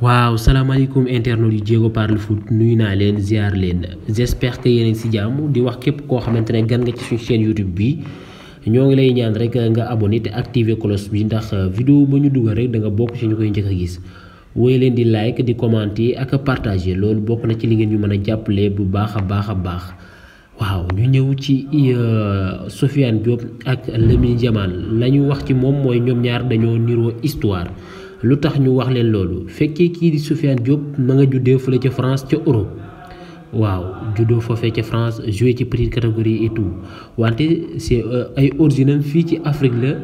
waaw salaamaaleykum internautes yi Diégo parle foot nuyu naa leen ziar leen j'espère que yéen ci jàmm di wax képp koo xamante ne gan nga ci suñu chaîne YouTube bi ñoo ngi lay ñaan rek nga abonné te activer cloche bi ndax euh, vidéo ba ñu dugal rek da nga bokk ci ñu koy njëkk a gis woy leen di like di commenter ak partager loolu bokk na ci li ngeen ñu mën a jàppale bu baax a baax a baax waaw ñu ñëw ci euh, Sofiane Diop ak Lamine Yamal la ñu wax ci moom mooy ñoom ñaar dañoo niroo histoire lutax ñu wax leen loolu fekkee di Soufiane Diop ma nga France ca Europe waaw juddoo foofee ca France joué ci petite catégorie et tout wante c'est euh, ay origine fii ci Afrique la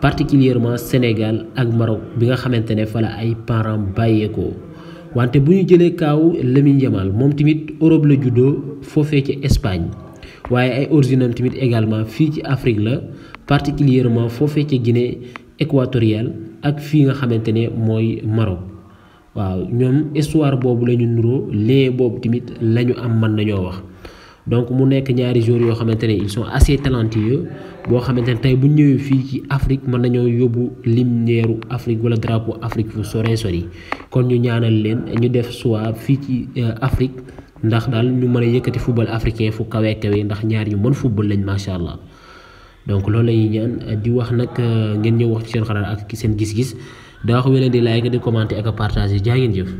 particulièrement Sénégal ak Maroc bi nga xamante ay parents wante bu ñu jëlee kaaw Lamine Yamal moom Europe la Espagne waaye ay qui tamit également fii ci Afrique particulièrement Guinée équatoriale ak fi nga xamantene moy mooy Maroc waaw ñoom histoire bobu lañu nuro nuroo bobu timit lañu am man nañoo wax donc mu nekk ñaari joueurs yo xamantene ils sont assez talentueux bo xamantene tay bu ñëwé fi ci Afrique mën nañoo yobbu limeeru Afrique wala drapeau Afrique fu sore sori kon ñu ñaanal leen ñu def soit fi ci euh, Afrique ndax dal ñu mëna yëkëti football africain fu kawé kawé ndax ñaar ñu mën football lañ machallah donc loolu la ñuy ñaan di wax nag euh, ngeen ñëw wax ci seen xalaat ak seen gis-gis daa wax wéy leen di like di commenter ak partage partager jaa ngeen jëf.